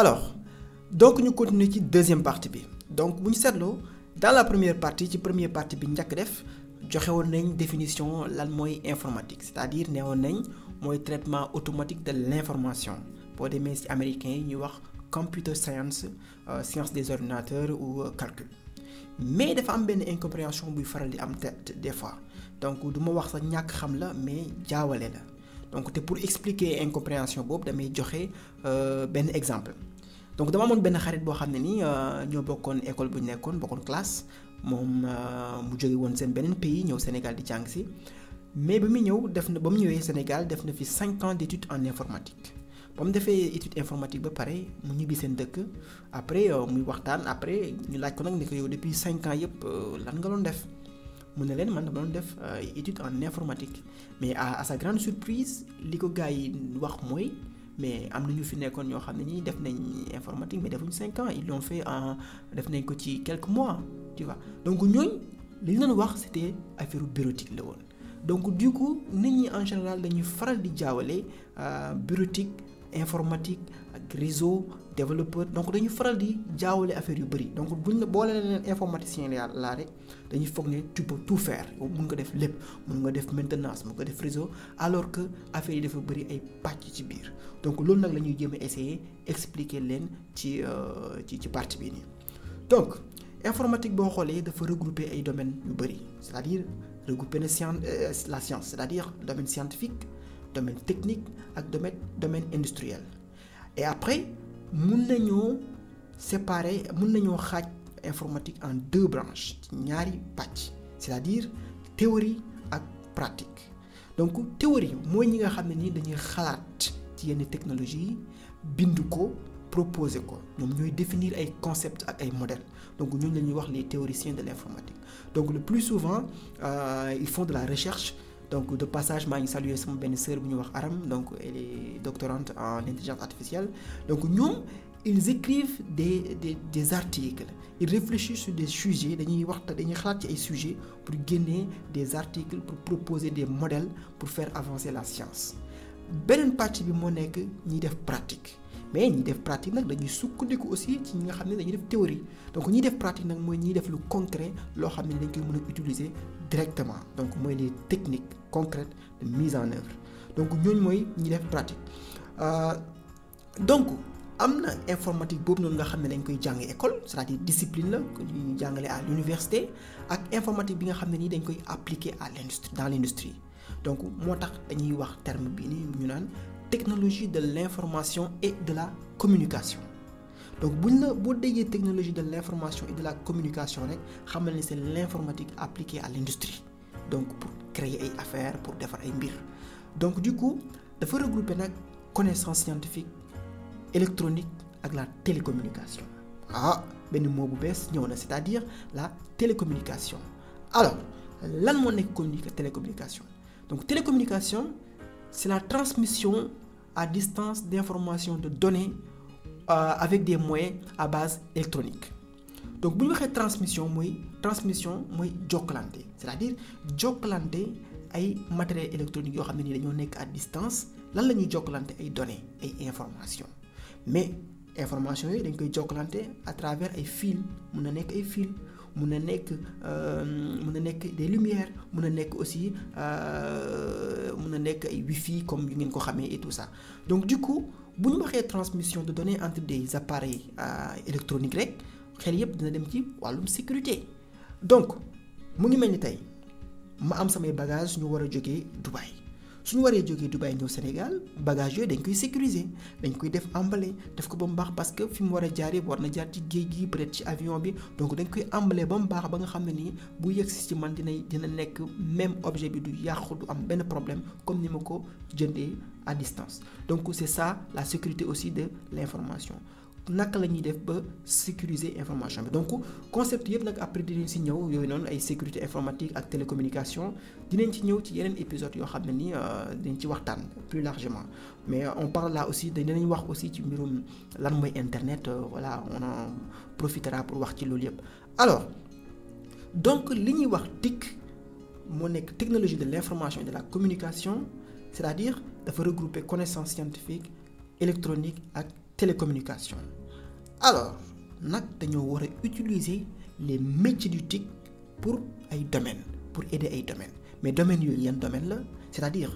alors donc ñu continuer ci deuxième partie bi donc bu ñu seetloo dans la première partie ci première partie bi njëkk def joxe woon nañ définition lan mooy informatique c'est-à-dire ne nañ mooy traitement automatique de l'information boo demee ci américain yi ñuy wax computer science euh, des ordinateurs ou euh, mais dafa am benn incompréhension buy faral di am te des fois donc du ma wax sax ñàkk xam la mais jaawale la donc te pour expliquer incompréhension boobu damay joxe euh, benn exemple donc dama amoon benn xarit boo xam ne nii euh, ñoo bokkoon école bu ñu nekkoon bokkoon classe moom euh, mu jóge woon seen beneen pays ñëw Sénégal di jàng si mais ba muy ñëw def na ba mu ñëwee Sénégal def na fi 5 ans d'études en informatique ba mu defee étude informatique ba pare mu ñibbi seen dëkk après euh, muy waxtaan après ñu laaj ko nag ni ko yow depuis 5 ans yëpp lan nga doon def mu ne leen man dama doon def étude en informatique mais à sa grande surprise li ko gars yi wax mooy. mais am na ñu fi nekkoon ñoo xam ne ñii def nañ informatique mais defuñ 5 ans ils l'ont fait en def nañ ko ci quelque mois tu donc ñooñ li ñu doon wax c'était affaire bureautique la woon donc du coup nit ñi en général dañuy faral di jaawale euh, bureautique informatique ak réseau. développeur donc dañu faral di jaawale affaire yu bëri donc buñ la boole leen informaticien la rek dañuy foog ne tu peux tout faire mun nga def lépp mun nga def maintenance mun nga def réseau alors que affaire yi dafa bëri ay pàcc ci biir donc loolu nag la ñuy jéem a essayer expliquer leen ci euh, ci ci partie bii nii donc informatique boo xoolee dafa regrouper ay domaines yu bëri c'est-à-dire regrouper na science euh, la science c'est-à-dire domaine scientifique domaine technique ak domaine domaine industriel et après mun nañoo séparer mun nañoo xaaj informatique en deux branches ci ñaari pàcc c'est-à-dire théorie ak pratique donc théorie mooy ñi nga xam ne ni dañuy xalaat ci yenn technologie yi bind ko proposer ko ñoom ñooy définir ay concepts ak ay modèles donc ñooñu la ñuy wax les théoriciens de l'informatique donc le plus souvent euh, ils font de la recherche donc de passage maa ngi saluer sama benn sœur bu ñu wax Aram donc elle est doctorante en intelligence artificielle donc ñoom ils écrivent des des des articles ils des sujets dañuy wax waxta dañuy xalaat ci ay sujets pour génne des articles pour proposer des modèles pour faire avancer la science beneen partie bi moo nekk ñiy def pratique mais ñi def pratique nag dañuy sukkandiku aussi ci ñi nga xam ne dañuy def théorie donc ñi def pratique nag mooy ñiy def lu concret loo xam ne dañ koy mën directement donc mooy les techniques concrètes de mise en œuvre donc ñooñu mooy ñi def pratique euh, donc am na informatique boobu noonu nga xam ne dañ koy jàng école c'est-à-dire discipline la ñu jàngale à l'université ak informatique bi nga xam ne nii dañ koy appliquer à l'industrie dans l'industrie donc moo tax dañuy wax terme bi nii ñu naan technologie de l'information et de la communication donc bu ñu la boo déggee technologie de l'information et de la communication rek xamal ni c'est l'informatique appliquée à l'industrie donc pour créer ay affaires pour defar ay mbir donc du coup dafa regrouper nag connaissance scientifique électronique ak la télécommunication ah benn mot bu bees ñëw na c'est-à-dire la télécommunication alors lan moo nekk communica télécommunication donc télécommunication c'est la transmission à distance d'informations de données Euh, avec des moyens à base électronique donc bu ñu waxee transmission mooy transmission mooy jokkalante c'est-à-dire jokkalante ay matériel électronique yoo xam ne nii dañoo nekk a distance lan la ñuy jokkalante ay données ay informations mais informations yi dañ koy jokkalante à travers ay fils mun na nekk ay fils mun na nekk euh, mun na nekk des lumières mun na nekk aussi euh, mun na nekk ay wifi comme yu ngeen ko xamee et tout ça donc du coup bu ñu waxee transmission de données entre des appareils euh, électroniques rek xel yëpp dina dem ci wàllum sécurité donc mu ngi mel ni tey ma am samay bagage ñu war a jógee Dubaï. suñu waree jógee du Dubaï ñëw Sénégal bagage yooyu dañ koy sécuriser dañ koy def emballé def ko ba mu baax parce que fi mu war a jaar yëpp war na jaar ci géej gi peut-être ci avion bi donc dañ koy emballé ba mu baax ba nga xam ne nii bu yegsi ci man dina dina nekk même objet bi du yàqu du am benn problème comme ni ma ko jëndee à distance donc c'est ça la sécurité aussi de l'information naka la ñuy def ba sécuriser information bi donc concept yëpp nag après dinañ si ñëw yooyu noonu ay sécurité informatique ak télécommunication dinañ ci ñëw ci yeneen épisode yoo xam ne ni euh, dinañ ci waxtaan plus largement mais euh, on parle là aussi danañu wax aussi ci mbirum lan mooy internet euh, voilà on en profitera pour wax ci loolu yëpp alors donc li ñuy wax TIC moo nekk technologie de l'information et de la communication c'est-à-dire dafa regrouper connaissance scientifique électronique ak télécommunication alors nag dañoo war a utiliser les métiers du TIC pour ay domaines pour aider ay domaines mais domaines yooyu yan domaine la c'est-à-dire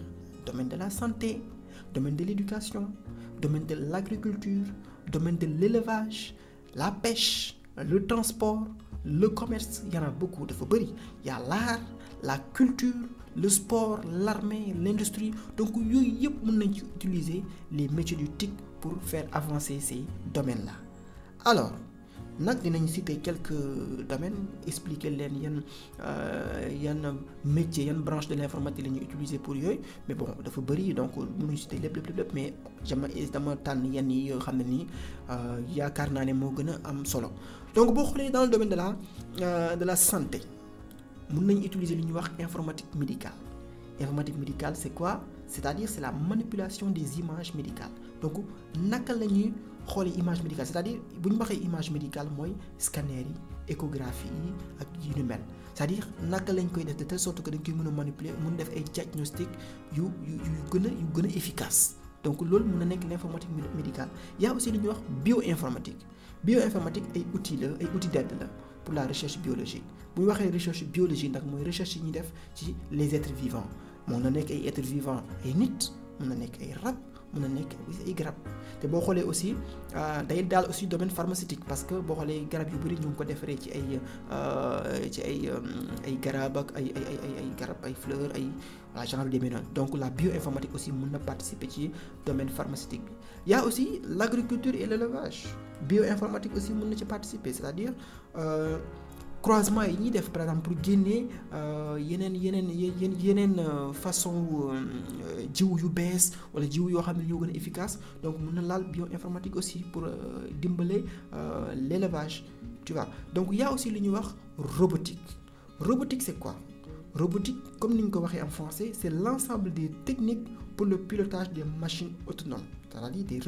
domaine de la santé domaine de l'éducation domaine de l'agriculture domaine de l'élevage la pêche le transport le commerce y en a dafa bëri y a la culture le sport l'armée l'industrie donc yooyu yëpp mën nañ ci utiliser les métiers du TIC pour faire avancer ces domaines la alors nag dinañ citer quelques domaines expliquer leen yan euh, yan métier yan branche de l'informatique la ñuy utiliser pour yooyu mais bon dafa bari donc mënuñ citer lépp lépp lépp mais jama dama tànn yenn yi yoo xam ne nii euh, yaakaar naa ne moo gën a am solo donc boo xoolee dans le domaine de la euh, de la santé mun nañ utiliser lu ñuy wax informatique médicale informatique médical c'est quoi c'est-à-dire c'est la manipulation des images médicales donc xoolee image médicale c'est-à-dire bu ñu waxee image médicale mooy scanner yi échographie yi ak yu ni mel c'est-à-dire naka lañ koy def de telle sorte que dañ koy mën a manipuler mën def ay diagnostic yu yu yu gën a yu donc loolu mën na nekk l'informatique médicale il y a aussi lu ñuy wax bioinformatique bioinformatique ay outils la ay outils d'aide la pour la recherche biologique bu waxee recherche biologie nag mooy recherche yi ñuy def ci les êtres vivants moom na nekk ay êtres vivants ay nit mën na nekk ay rab. mën a nekk ay garab te boo xoolee aussi euh, day daal aussi domaine pharmaceutique parce que boo xoolee garab yu bëri ñu ko defaree ci ay euh, ci ay euh, ay garab ak ay ay ay ay garab ay fleur ay voilà genre demee noonu donc la bio bioinformatique aussi mun na participer ci domaine pharmaceutique bi y a aussi l'agriculture et l'élevage bioinformatique aussi mun na ci participer c'est-à-dire croisement yi ñuy def par exemple pour génnee euh, yeneen yeneen yeneen yeneen euh, façon euh, jiw yu bees wala jiw yoo xam ne ñoo gën a efficace donc mun na laal informatique aussi pour dimbale l'élevage tu donc y a aussi lu ñuy wax robotique robotique c'est quoi robotique comme ni ñu ko waxee en français c'est l'ensemble des technique pour le pilotage des machines autonomes c'est-à-dire des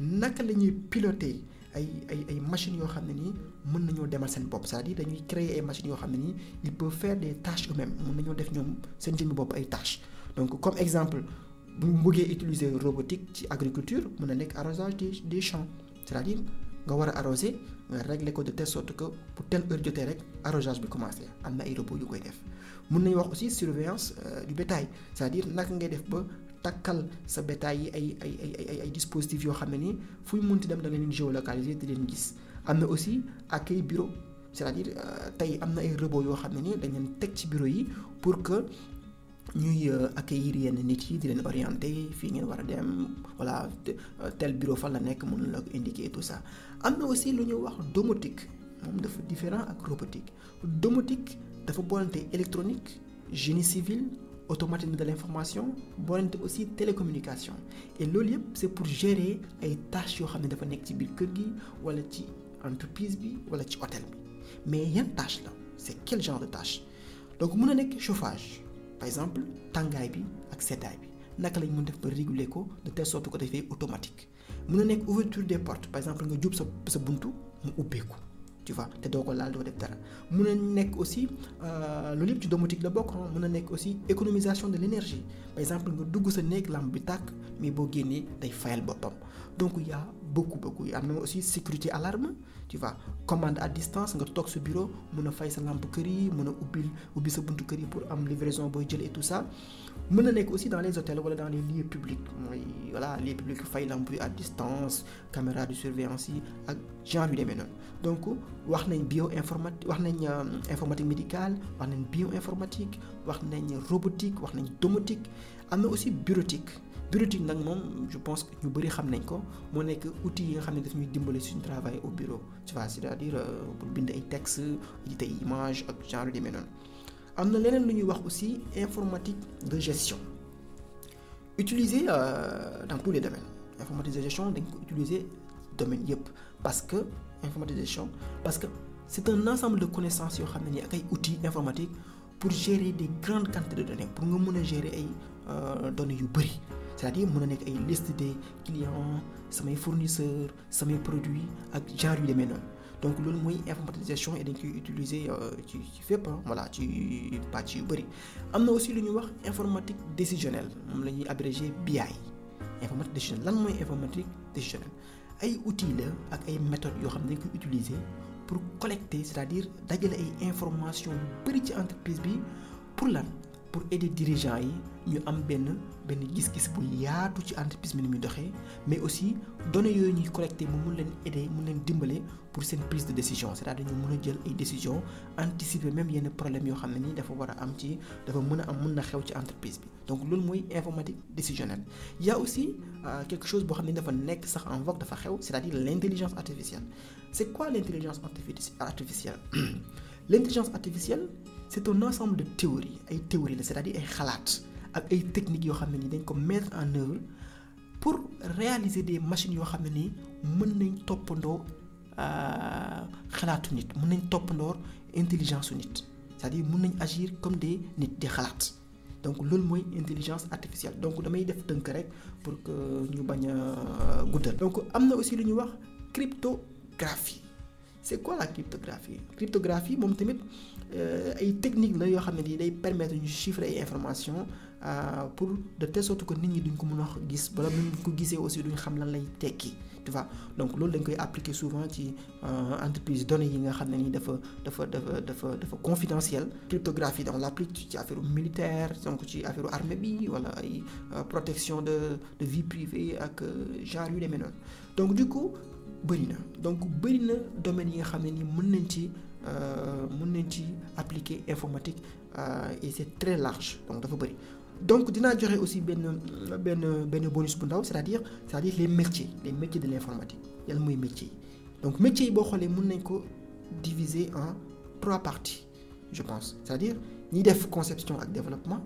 naka la ñuy piloter ay ay machine yoo xam ne nii mën nañoo demal seen bopp c'est-à-dire dañuy créer ay machines yoo xam ne nii ils peuvent faire des tâches eux-mêmes mën nañoo def ñoom seen jëmmi bopp ay tâches donc comme exemple bu ñu bëggee utiliser robotique ci agriculture mën na nekk arrosage des des champs cest à nga war a arroser nga régler ko de telle sorte que pour telle heure jotee rek arrosage bi commencé am na ay robot yu koy def mun nañu wax aussi surveillance euh, du bétail c'est-à-dire naka ngay def ba takkal sa bétail yi ay ay ay ay ay yoo xam ne ni fuy munti dem da nga leen géolocaliser di leen gis am na aussi ak ay bureau c'est-à-dire euh, tey am na ay robot yoo xam ne ni dañ leen teg ci bureau yi pour que ñuy euh, accueillir yenn nit yi di leen orienter fii ngeen war a dem voilà euh, tel bureau fan la nekk mën la ko indiquer tout ça am na aussi lu ñuy wax domotique moom dafa différent ak robotique domotique dafa boolante électronique génie civil automatique automatisme de l'information boolante aussi télécommunication et loolu yëpp c'est pour gérer ay tâches yoo xam ne dafa nekk ci biir kër gi wala ci entreprise bi wala ci hôtel bi mais yan tâche la c'est quel genre de tâche donc mun a nekk chauffage par exemple tàngaay bi ak seddaay bi naka lañ mun def ba réguler ko de telle sorte que dafay automatique mën na nekk ouverture des portes par exemple nga jub sa sa buntu mu ubbeeku ci vois te doo ko laal doo def dara mun na nekk aussi euh, loolu yëpp ci domotique la bokk ah. mun na nekk aussi économisation de l'énergie par exemple nga dugg sa néeg lampe bi tàkk mais boo génnee day fayal boppam donc y bokk beaucoup beaucoup am na aussi sécurité alarme tu vois commande à distance nga toog sa bureau mën a fay sa lampe kër yi mën a ubbil ubbi sa buntu kër yi pour am livraison booy jël et tout ça mën na nekk aussi dans les hôtels wala dans les lieux publics mooy voilà lieux publics fay lampe yi à distance caméra de surveillance yi ak genre yu demee noonu donc wax nañ bio informati wax nañ euh, informatique médical wax nañ bio informatique wax nañ robotique wax nañ domotique am na aussi bureautique bureautique nag moom je pense que ñu bëri xam nañ ko moo nekk outil yi nga xam ne daf ñuy dimbali suñu travail au bureau tu vois c'est-à-dire euh, pour bind ay texte édite tey image ak genre demee noonu am na leneen lu ñuy wax aussi informatique de gestion utiliser euh, dans tous les domaines informatique dañ ko utiliser domaine yëpp parce que informatique de gestion parce que c'est un ensemble de connaissances yoo xam ne nii ak ay outils informatiques pour gérer des grandes quantités de données pour nga mën a gérer ay euh, données yu bëri c'est-à-dire mën na nekk ay liste des clients samay fournisseur samay produits ak genre yu demee noonu donc loolu mooy informatisation et dañ koy utiliser euh, ci ci voilà ci pàcc yu bëri am na aussi lu ñuy wax informatique décisionnelle moom la ñuy abrégé BI informatique décisionnelle lan mooy informatique décisionnelle ay outils la ak ay méthodes yoo xam ne dañ koy utiliser pour collecter c'est-à-dire dajale ay information yu ci entreprise bi pour lan pour aider dirigeants yi ñu am benn benn gis-gis bu yaatu ci entreprise bi ni muy doxee mais aussi données yooyu ñuy collecté mu mun leen aider mun leen dimbale pour seen prise de décision c'est-à-dire ñu mun a jël ay décision anticiper même yenn problème yoo xam ne ni dafa war a am ci dafa mën a am mun na xew ci entreprise bi donc loolu mooy informatique décisionnelle y a aussi euh, quelque chose boo xam ne dafa nekk sax en vogue dafa xew c'est-à-dire l'intelligence artificielle c'est quoi l'intelligence artificielle l'intelligence artificielle c'est un ensemble de théories ay théories la c'est-à-dire ay xalaat ak ay techniques yoo xam ne nii dañ ko mettre en œuvre pour réaliser des machines yoo xam ne nii mën nañ toppandoo euh, xalaatu nit mën nañ toppandoo intelligence su nit c'est-à-dire mën nañ agir comme des nit di xalaat donc loolu mooy intelligence artificielle donc damay def tënk rek pour que ñu bañ a euh, guddal. donc am na aussi lu ñuy wax cryptographie. c'est quoi la cryptographie cryptographie moom tamit euh, ay technique la yoo xam ne nii day permettre ñu chiffrer ay information euh, pour de telle sorte que nit ñi duñ ko mën a gis wala buñ ko gisee aussi duñ xam lan lay tekki tu vois donc loolu dañ koy appliquer souvent ci euh, entreprise données yi nga xam ne nii dafa dafa dafa dafa dafa confidentiel cryptographie donc l'applique ci affaire militaire donc ci affaire armée bi wala ay protection de de vie privée ak genre yu demee bëri na donc bëri na domaines yi nga xam ne ni mën nañ ci euh, mën nañ ci appliquer informatique euh, et c'est très large donc dafa bëri donc dinaa joxe aussi benn benn benn bonus bu ndaw c'est-à-dire c'est-à-dire les métiers les métiers de l'informatique yàlla mooy métiers yi donc métiers yi boo xoolee mun nañ ko diviser en trois parties je pense c'est-à-dire ñiy def conception ak développement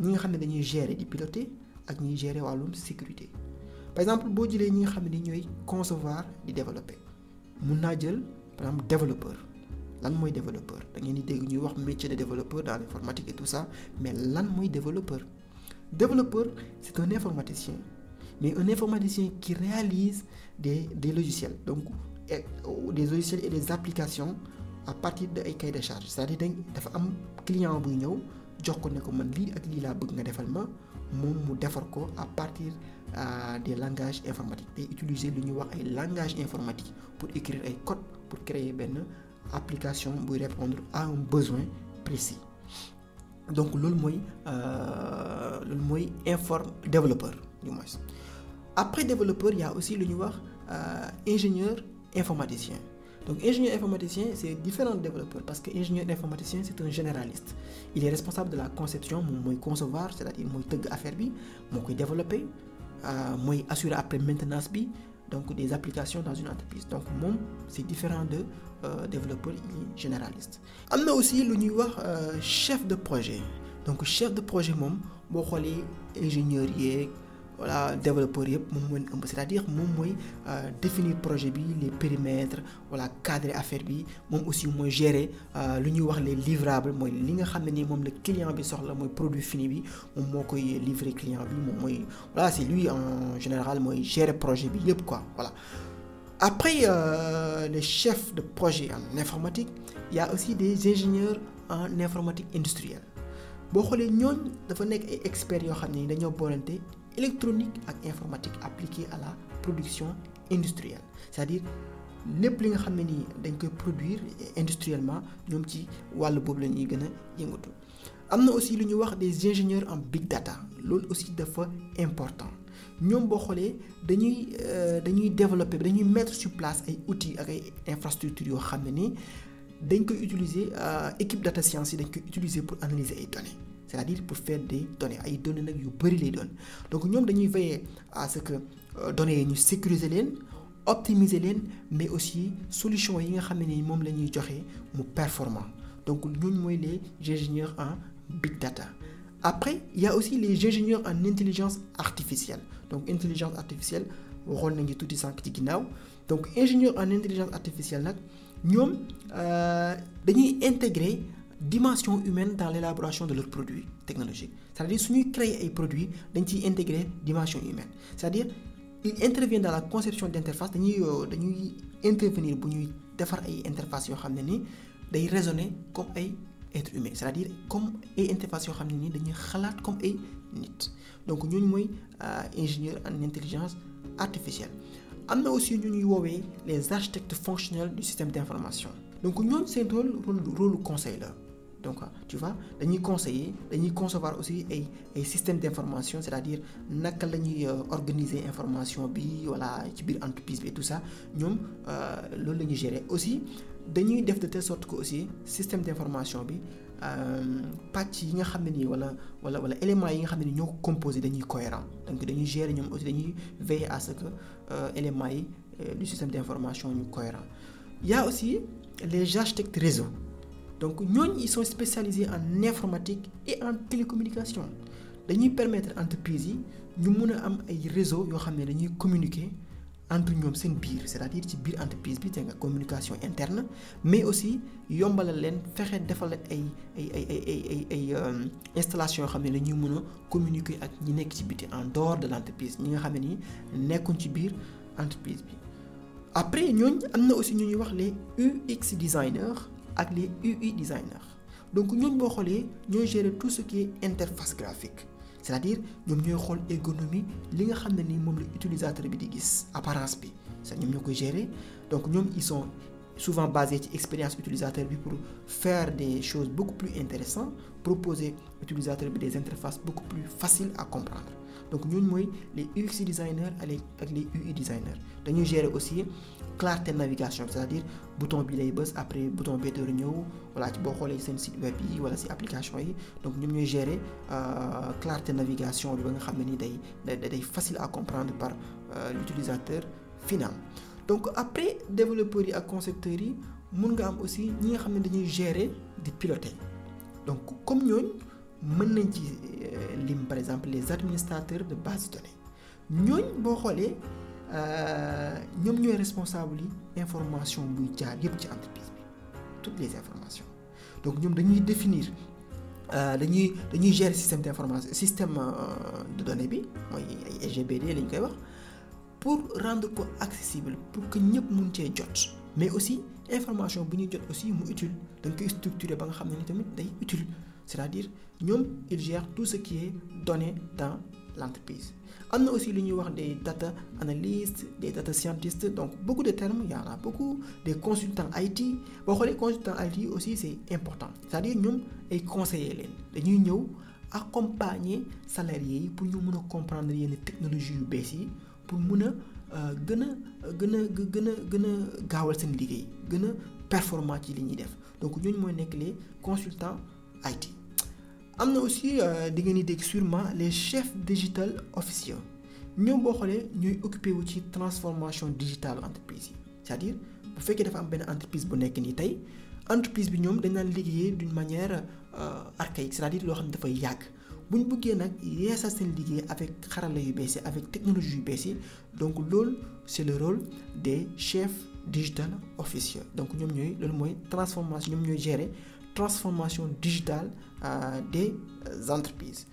ñi nga xam ne dañuy gérer di piloter ak ñuy gérer wàllum sécurité par exemple boo jëlee ñi nga xam ne ñooy concevoir di développer mun naa jël par exemple développeur lan mooy développeur da ngeen di dégg ñuy wax métier de développeur dans l'informatique et tout ça mais lan mooy développeur développeur c'est un informaticien mais un informaticien qui réalise des des logiciels donc des logiciels et des applications à partir de ay cahier de charge c'est-à-dire dafa am client buy ñëw jox ko ne ko man lii ak lii laa bëgg nga defal ma. moom mu defar ko à partir euh, des langages informatique day utiliser lu ñuy wax ay langage informatique pour écrire ay code pour créer benn application buy répondre à un besoin précis donc loolu mooy euh, loolu mooy informe développeur du moins après développeur il aussi lu ñuy wax euh, ingénieur informaticien Donc ingénieur informaticien, c'est différent de développeur parce que ingénieur informaticien, c'est un généraliste. Il est responsable de la conception, mooy concevoir, c'est-à-dire mooy tëgg affaire bi, moo koy développer, euh, mooy assurer après maintenance bi, donc des applications dans une entreprise. Donc moom c'est différent de euh, développeur, il est généraliste. Am na aussi lu ñuy wax euh, chef de projet. Donc chef de projet moom boo xoolee ingénieur yeeg voilà développeur yëpp moom mooy ëmb cest a dire moom mooy euh, définir projet bi les périmètres voilà cadre affaire bi moom aussi mooy gérer euh, lu ñuy wax les livrable mooy li nga xam ne nii moom la client bi soxla mooy produit fini bi moom moo koy livrer client bi moom mooy voilà c'est lui en général mooy gérer projet bi yëpp ko voilà. Après euh, les chefs de projet en informatique il y aussi des ingénieurs en informatique industrielle boo xoolee ñooñ dafa nekk ay yoo xam ne dañoo boolante électronique ak informatique appliquée à la production industrielle c'est-à-dire lépp li nga xam ne nii dañ koy produire industriellement ñoom ci wàll boobu la ñuy gën a yëngatu am na aussi lu ñuy wax des ingénieurs en big data loolu aussi dafa important ñoom boo xoolee dañuy euh, dañuy développer dañuy mettre sur place ay outils ak ay infrastructures yoo xam ne nii dañ koy utiliser euh, équipe data science yi dañ koy utiliser pour analyser ay données c'est-à-dire pour faire des données ay données nag yu bëri lay doon donc ñoom dañuy veiller à ce que euh, données yi ñu sécuriser leen optimiser leen mais aussi solution yi nga xam ne ni moom la ñuy joxe mu performant donc ñooñu mooy les ingénieurs en big data après il aussi les ingénieurs en intelligence artificielle donc intelligence artificielle waxoon nañu tuuti sànq ci ginnaaw donc ingénieur en intelligence artificielle nag ñoom euh, dañuy intégrer dimension humaine dans l'élaboration de leurs produits technologiques c'est-à-dire su ñuy créer ay produits dañ ciy intégrer dimension humaine c'est-à-dire il intervient dans la conception d'interface dañuy euh, dañuy intervenir bu ñuy defar ay interface yoo xam ne nii day raisonner comme ay être humain cest yoo xam ne ni dañuy xalaat comme ay nit donc ñooñu mooy euh, ingénieur en intelligence artificielle am na aussi ñu ñuy woowee les architectes fonctionnels du système d'information donc ñooñu seen rôle rôle conseil la donc euh, tu vois dañuy conseiller dañuy concevoir aussi ay ay système d'information c'est-à-dire naka la ñuy euh, organiser information bi voilà ci biir entreprise bi et tout ça ñoom euh, loolu la ñuy gérer aussi dañuy def de telle sorte que aussi système d'information bi pacc yi nga xam ne nii wala wala wala éléments yi nga xam ne ni ñoo ko dañuy cohérent donc dañuy gérer ñoom aussi dañuy veiller à ce que éléments yi du système d'information ñu cohérent yaa y a aussi les architectes réseau donc ñooñ ils sont spécialisés en informatique et en télécommunication dañuy permettre entreprise yi ñu mun a am ay réseau yoo xam ne dañuy communiquer entre ñoom seen biir à dire ci biir entreprise bi te communication interne mais aussi yombalal leen fexe defal ay ay ay ay ay ay euh, installation yoo xam ne dañuy mun a communiqué ak ñi nekk ci biti en dehors de l'entreprise ñi nga xam ne ni nekkuñ ci biir entreprise bi après ñooñ am na aussi ñu ñuy wax les UX designers ak les UI designers donc ñooñ boo xoolee ñooy gérer tout ce qui est interface graphique c'est-à-dire ñoom ñooy xool ergonomie li nga xam ne ni moom la utilisateur bi di gis apparence bi c'est ñoom ñoo koy gérer donc ñoom ils sont souvent basés ci expérience utilisateur bi pour faire des choses beaucoup plus intéressantes proposer utilisateur bi des interfaces beaucoup plus faciles à comprendre donc ñooñu mooy les UX designers ak les UI designers dañuy gérer aussi clarté navigation c'est-à-dire bouton bi lay bës après bouton bee door ñëw wala ci boo xoolee seen site web yi wala si application yi donc ñoom ñooy gérer euh, clarté navigation bi nga xam ne ni day day facile à par euh, l'utilisateur final. donc après développeurs yi ak concepteurs yi mun nga am aussi ñi nga xam ne dañuy gérer di piloter donc comme ñooñu mën nañ ci euh, lim par exemple les administrateurs de base de données ñooñ boo xoolee. Euh, ñoom ñooy responsable yi information buy jaar yépp ci entreprise bi toutes les informations donc ñoom dañuy définir euh, dañuy dañuy gérer système d'information système euh, de données bi ay ay SGBD lañ koy wax pour rendre ko accessible pour que ñëpp mun cee jot mais aussi information bu ñuy jot aussi mu utile dañ koy structurer ba nga xam ne ni tamit day utile c'est-à-dire ñoom il gère tout ce qui est donné dans l'entreprise. On na aussi ñuy wax des data analystes, des data scientists, donc beaucoup de terme il y en a beaucoup, des consultants IT. Bon, les consultants IT aussi, c'est important. C'est-à-dire, nous, et conseiller les Nous, accompagner yi pour ñu mun a comprendre les technologies UBC, pour mun nous euh, gën a gën a gën a gën a gaawal seen liggéey gën a performant ci li ñuy def donc ñooñu mooy nekk les consultants IT. am na aussi euh, di ngeen di dégg sûrement les chefs digital officiers ñoom boo xoolee ñooy occupé wu ci transformation digitale entreprise yi c'est-à-dire bu fekkee dafa am benn entreprise bu nekk nii tey entreprise bi ñoom dañ naan liggéeyee d'une manière euh, archaïque c'est-à-dire loo xam ne dafay yàgg bu ñu bëggee nag yeesal seen liggéey avec xarala yu bees yi avec technologie yu bees yi donc loolu c'est le rôle des chefs digital officiers donc ñoom ñooy loolu mooy transformation ñoom ñooy gérer. transformation digitale euh, des euh, entreprises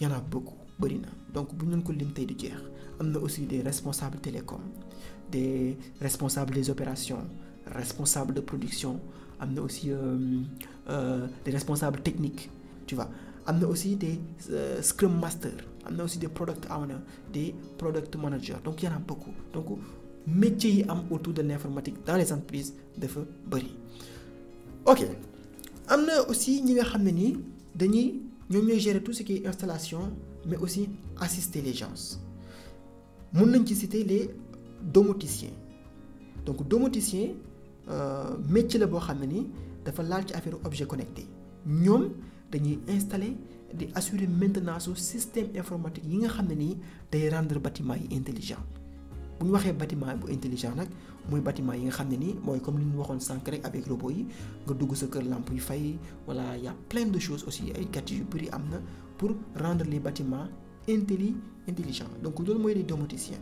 y en a beaucoup bëri na donc bu ñu ko lim tey du jeex am na aussi des responsables télécom des responsables des opérations de production am na aussi euh, euh, des responsables techniques tu vois am na aussi des euh, scrum master am na aussi des product owner des product manager donc y en a beaucoup donc métiers yi am autour de l'informatique dans les entreprises dafa bëri ok am na aussi ñi nga xam ne nii dañuy ñoom ñooy gérer tout ce qui installation mais aussi assister les gens mun nañ ci citer les domoticiens donc domoticien euh, métier la boo xam ne nii dafa laal ci affaire objet connecté ñoom dañuy installer di assurer maintenance système informatique yi nga xam ne nii day rendre bâtiment yi intelligent bu ñu waxee batiment bu intelligent nag mooy bâtiment yi nga xam ne ni mooy comme li ñu waxoon sànq rek avec robot yi nga dugg sa kër lamp yu fay voilà y a de choses aussi ay gadget yu bëri am na pour rendre les bâtiments intelli intelligents donc loolu mooy les domaticiens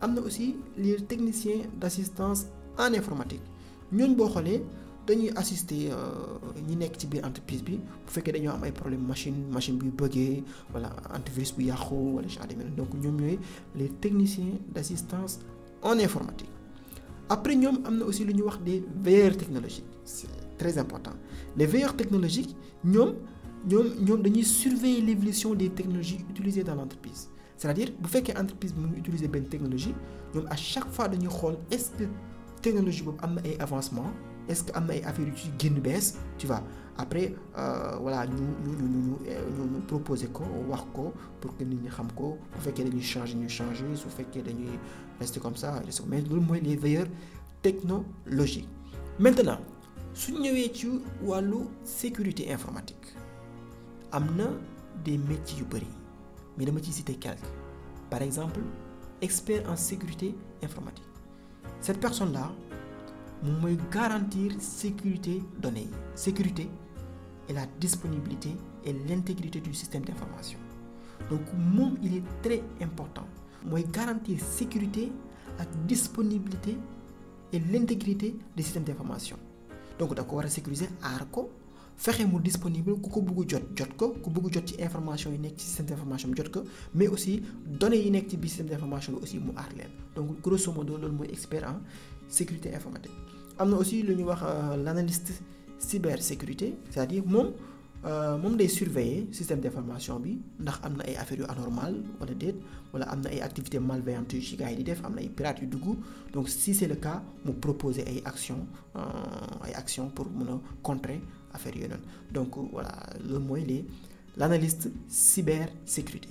am na aussi lii techniciens d'assistance en informatique boo xoolee dañuy assister euh, ñi nekk ci biir entreprise bi bu fekkee dañoo am ay problème machine machine buy bëggee wala antivirus bu yàqu wala genre de donc ñoom ñooy les techniciens d'assistance en informatique après ñoom am na aussi lu ñuy wax des veilleurs technologiques c'est très important les veilleurs technologiques ñoom ñoom ñoom dañuy surveiller l'évolution des technologies utilisées dans l'entreprise c'est-à-dire bu fekkee entreprise bi mu ngi benn technologie ñoom à chaque fois dañuy xool est-ce que technologie boobu am na ay avancements est-ce que am na ay affaires yu ci génn bees tu vois après euh, voilà ñu ñu ñu ñu ñu proposer ko wax ko pour que nit ñi xam ko bu fekkee dañuy changer ñu changer su fekkee dañuy rester comme sa mais loolu mooy les veilleurs technologiques maintenant su ñëwee ci wàllu sécurité informatique am na des métiers yu bëri mais dama ci citer quelques par exemple expert en sécurité informatique cette personne là. moom mooy garantir sécurité données yi sécurité et la disponibilité et l'intégrité du système d'information donc moom il est très important mooy garantir sécurité ak disponibilité et l'intégrité du système d'information donc da ko war a sécuriser aar ko fexe mu disponible ku ko bëgg jot jot ko ku bëgg jot ci information yi nekk ci système d'information bi jot ko mais aussi données yi nekk ci biir système d'information bi aussi mu aar leen donc grosso modo loolu mooy expert en sécurité informatique am na aussi lu ñuy wax euh, l' analyste cybersécurité c'est-à-dire moom euh, moom day surveiller système d'information bi ndax am na ay affaires yu anormal wala wala am na ay activités malveillantes yu ci gars yi di def am na ay pirates yu dugg donc si c'est le cas mu proposer ay actions euh, ay actions pour mun a contrer affaire yooyu donc voilà loolu mooy les l' analyste cybersécurité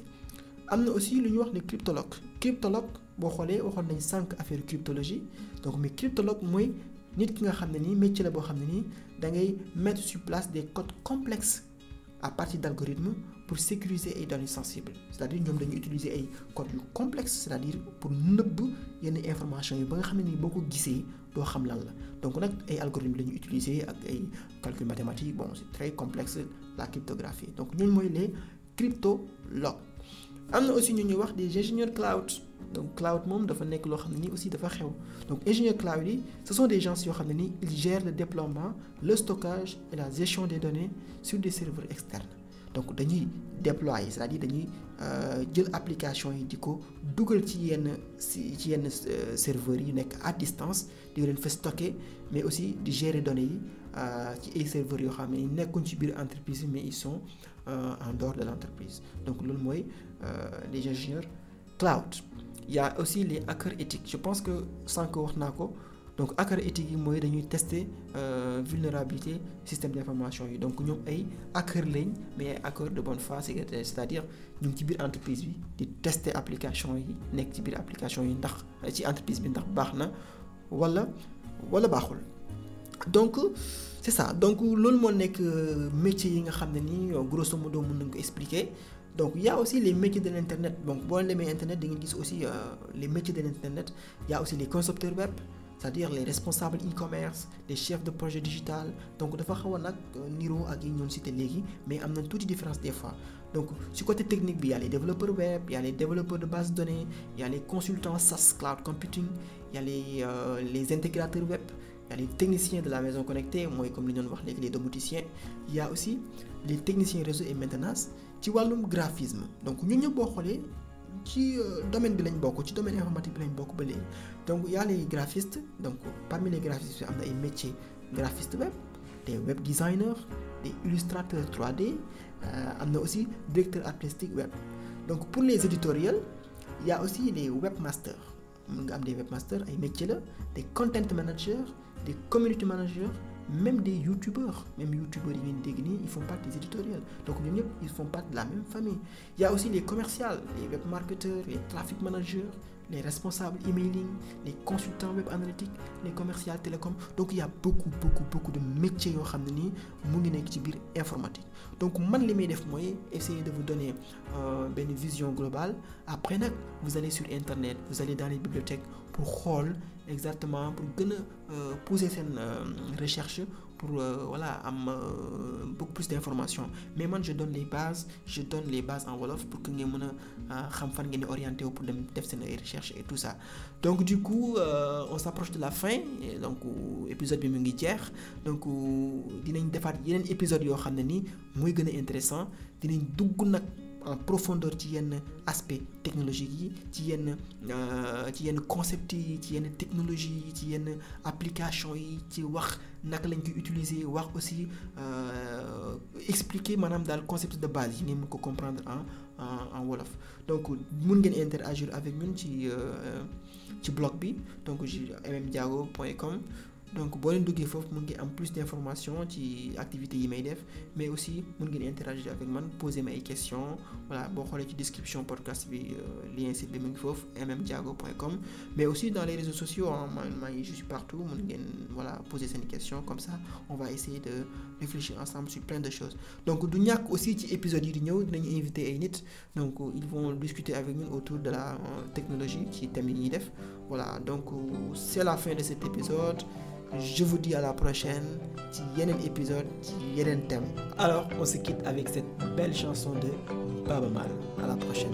am na aussi lu ñuy wax ne cryptologue cryptologue boo xoolee waxoon nañ cinq affaires cryptologie donc mais cryptologue mooy nit ki nga xam ne nii métier la boo xam ne nii dangay ngay sur place des codes complexes à partir d' algorithmes pour sécuriser ay données sensibles c' est à dire ñoom dañu utiliser ay codes yu complexes c' à dire pour nëbb yenn information yi ba nga xam ne nii boo ko gisee doo xam lan la donc nag ay algorithmes la ñuy utiliser ak ay calcul mathématique bon c' est très complexe la cryptographie donc ñooñu mooy les cryptologues am na aussi ñu ñuy wax des ingénieurs cloud. donc cloud moom dafa nekk loo xam ne nii aussi dafa xew donc ingénieur cloud yi ce sont des gens yoo xam ne nii ils gèrent le déploiement le stockage et la gestion des données sur des serveurs externes donc dañuy déployer c'est-à-dire dañuy euh, jël application yi di ko dugal ci yenn si ci yenn euh, serveurs yi nekk à distance di leen fa stocker mais aussi di gérer données yi euh, ci ay serveurs yoo xam ne nekkuñ ci biir entreprise mais ils sont en dehors de l'entreprise donc loolu mooy des ingénieurs cloud y aussi les hackers éthiques je pense que sànq wax naa ko donc hackers éthiques yi mooy dañuy tester euh, vulnérabilité système d'information yi donc ñoom ay hackers lañ mais ay hackers de bonne foi c'est-à-dire ñu ngi ci biir entreprise bi di tester application yi nekk ci biir application yi ndax ci entreprise bi ndax baax na walla walla baaxul donc c'est ça donc loolu moo nekk euh, métier yi nga xam ne nii grosso modo mën nañ ko expliquer donc yaa a aussi les métiers de l' internet donc boo leen internet di gis aussi euh, les métiers de l' internet y' a aussi les concepteurs web c'est-à-dire les responsables e-commerce les chefs de projet digital donc dafa xaw a nag euh, niroo ak yi ñoon cité léegi mais am na tuuti différence des fois donc si côté technique bi y' a les développeurs web y' a les développeurs de base de données y' a les consultants SaaS cloud computing y' a les euh, les intégrateurs web y' a les mooy comme li ñoon wax léegi les domoticiens y' a aussi les ci wàllum graphisme donc ñun ñëpp boo xoolee ci euh, domaine bi lañ bokk ci domaine informatique bi lañ bokk ba léegi donc y a les donc parmi les graphistes yi am na ay métiers graphiste web des web designers des illustrateurs 3D euh, am na aussi directeur artistique web donc pour les éditoriales y a aussi les webmasters mun nga am des webmasters ay métiers la des content managers des community managers même des youtubeurs même youtubeurs yi ngeen dégg nii il font partie des éditoriales donc ñoom ñëpp ils font partie de la même famille il aussi les commerciales les web marketeurs les traffic managers les responsables emailing les consultants web analytiques les commerciales télécom donc il y a beaucoup beaucoup beaucoup de métiers yoo xam ne nii mu ngi nekk ci biir informatique donc man li may def mooy essayer de vous donner euh, benn vision globale après nag vous allez sur internet vous allez dans les bibliothèques pour xool exactement pour gën a euh, seen euh, recherche pour euh, voilà am beaucoup plus d'informations mais man je donne les bases je donne les bases en wolof pour que ngeen mën a xam fan ngeen di orienté wu pour dem def seen ay recherche et tout ça donc du coup on s'approche de la fin et donc épisode bi mu ngi jeex donc dinañ defaat yeneen épisode yoo xam ne nii mooy gën a intéressant dinañ dugg nag en profondeur ci yenn aspect technologique yi ci yenn euh, ci yenn concept yi ci yenn technologie yi ci yenn application yi ci wax naka lañ koy utiliser wax aussi euh, expliquer maanaam daal concept de base yi ngeen mu ko comprendre en en wolof donc mun ngeen interagir avec ñun ci euh, ci blog bi donc mmdiago point com donc boo leen duggee foofu mun ngi am plus d'information ci activité yi may def mais aussi mun ngeen interagir avec man poser ma ay questions boo xoolee ci description podcast bi euh, lien site bi mu ngi foofu mmdiago.com mais aussi dans les réseaux sociaux maa maa ngi je partout mun ngeen voilà poser seen question comme ça on va essayer de réfléchir ensemble sur plein de choses donc du ñàkk aussi ci épisodes yi di ñëw dinañu invité ay nit donc ils vont discuter avec ñun autour de la euh, technologie ci thèmes yi ñuy def voilà donc c'est la fin de cet épisode je vous dis à la prochaine ci yeneen épisode ci yeneen thème alors on se quitte avec cette belle chanson de Baba Maal à la prochaine